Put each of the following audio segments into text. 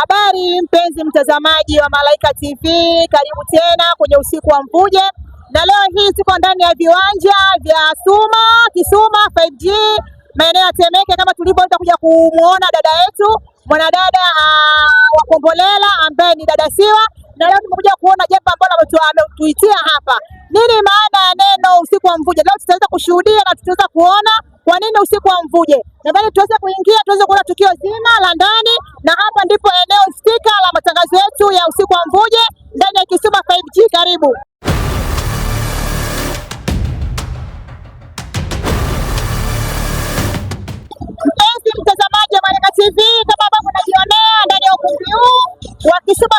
Habari mpenzi mtazamaji wa Malaika TV, karibu tena kwenye usiku wa Mvuje, na leo hii tuko ndani ya viwanja vya Suma Kisuma 5G maeneo ya Temeke, kama tulivyoweza kuja kumwona dada yetu mwanadada uh, wa Kombolela ambaye ni dada Siwa, na leo tumekuja kuona jambo ambalo ametuitia hapa. Nini maana ya neno usiku wa Mvuje? Leo tutaweza kushuhudia na tutaweza kuona kwa nini usiku wa mvuje? Nadhani tuweze kuingia tuweze kuona tukio zima la ndani, na hapa ndipo eneo stika la matangazo yetu ya usiku wa mvuje ndani ya Kisuma 5G. Karibu. mtazamaji wa Marika TV, kama ambavyo unajionea ndani ya ukumbi huu wa Kisuma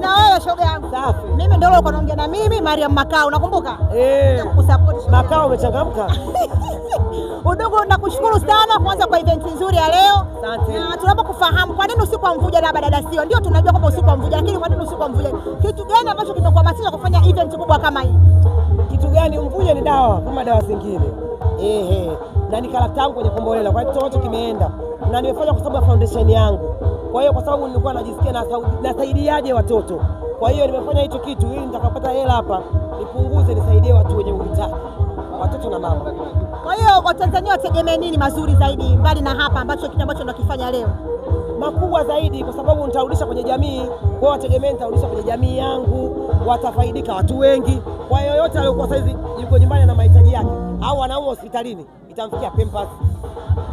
na wewe shoga yangu. Safi. Mimi ndio ulikuwa unaongea na mimi Mariam Makao, unakumbuka? Eh. Kukusupport Makao, umechangamka. Udogo, nakushukuru sana kwanza kwa event nzuri ya leo. Asante. Na tunapokufahamu kwa nini usiku wa Mvuja na dada sio? Ndio tunajua kwamba usiku wa Mvuja, lakini kwa nini usiku wa Mvuja? Kitu gani ambacho kimekuhamasisha kufanya event kubwa kama hii? Kitu gani? Mvuja ni dawa kama dawa zingine. Ehe. Na ni karakta yangu kwenye Kombolela, kwa hiyo kitu kimeenda. Na nimefanya kwa sababu ya foundation yangu. Kwa hiyo kwa sababu nilikuwa najisikia nasaidiaje watoto, kwa hiyo nimefanya hicho kitu ili nitakapata hela hapa nipunguze, nisaidie watu wenye uhitaji, watoto na mama. Kwa hiyo Watanzania wategemee nini mazuri zaidi, mbali na hapa ambacho kitu ambacho nakifanya leo? Makubwa zaidi, kwa sababu nitarudisha kwenye jamii. Kwa hiyo wategemee nitarudisha kwenye jamii yangu, watafaidika watu wengi. Kwa yoyote aliyokuwa saizi yuko nyumbani na mahitaji yake, au anaumwa hospitalini, itamfikia Pampers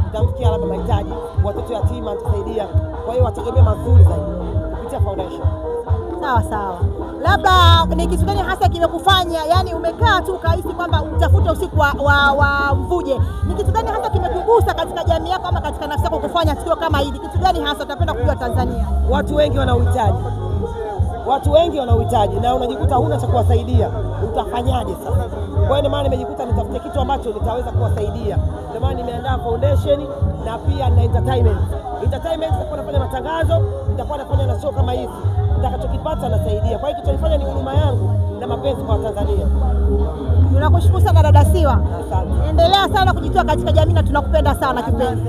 mtamfikia labda mahitaji, watoto yatima mtasaidia. Kwa hiyo wategemee mazuri zaidi kupitia foundation. Sawa sawa, labda ni kitu gani hasa kimekufanya yani umekaa tu ukahisi kwamba utafute usiku wa, wa, wa mvuje? Ni kitu gani hasa kimekugusa katika jamii yako ama katika nafsi yako kufanya tukio kama hili? Kitu gani hasa utapenda kujua Tanzania? Watu wengi wana uhitaji, watu wengi wana uhitaji na unajikuta huna cha kuwasaidia, utafanyaje sasa? Kwa hiyo ndio maana nimejikuta nitafute kitu ambacho nitaweza kuwasaidia. Ndio maana nimeandaa foundation na pia na entertainment. Entertainment nitakuwa nafanya matangazo, nitakuwa nafanya na show kama hizi, nitakachokipata nasaidia. Kwa hiyo kichonifanya ni huruma yangu na mapenzi kwa Watanzania. Tunakushukuru sana dada Siwa, endelea sana kujitoa katika jamii na tunakupenda sana kipenzi.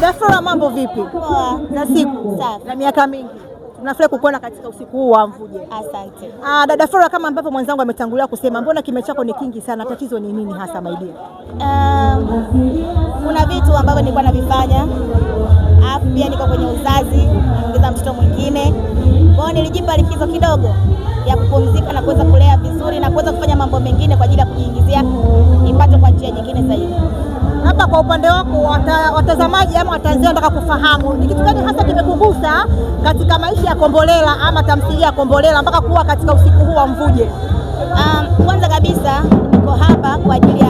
Daflora, mambo vipi? Poa. Za siku safi na miaka mingi. Tunafurahi kukuona katika usiku huu wa Mvuje. Asante. Ah, dada Flora, kama ambavyo mwenzangu ametangulia kusema, mbona kime chako ni kingi sana, tatizo ni nini hasa my dear? Um, kuna vitu ambavyo nilikuwa navifanya, alafu pia niko kwenye uzazi, niongeza mtoto mwingine, kwa hiyo nilijipa likizo kidogo ya kupumzika na kuweza kulea vizuri na kuweza kufanya mambo mengine kwa ajili ya kujiingizia kipato kwa njia nyingine zaidi kwa upande wako watazamaji ama watanzania wanataka kufahamu ni kitu gani hasa kimekugusa katika maisha ya Kombolela ama tamthilia ya Kombolela mpaka kuwa katika usiku huu wa Mvuje? Um, kwanza kabisa niko hapa kwa ajili ya